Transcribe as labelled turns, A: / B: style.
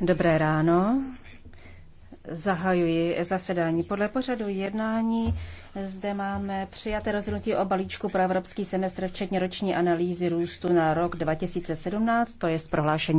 A: Dobré ráno. Zahajuji zasedání. Podle pořadu jednání zde máme přijaté rozhodnutí o balíčku pro evropský semestr, včetně roční analýzy růstu na rok
B: 2017, to je prohlášení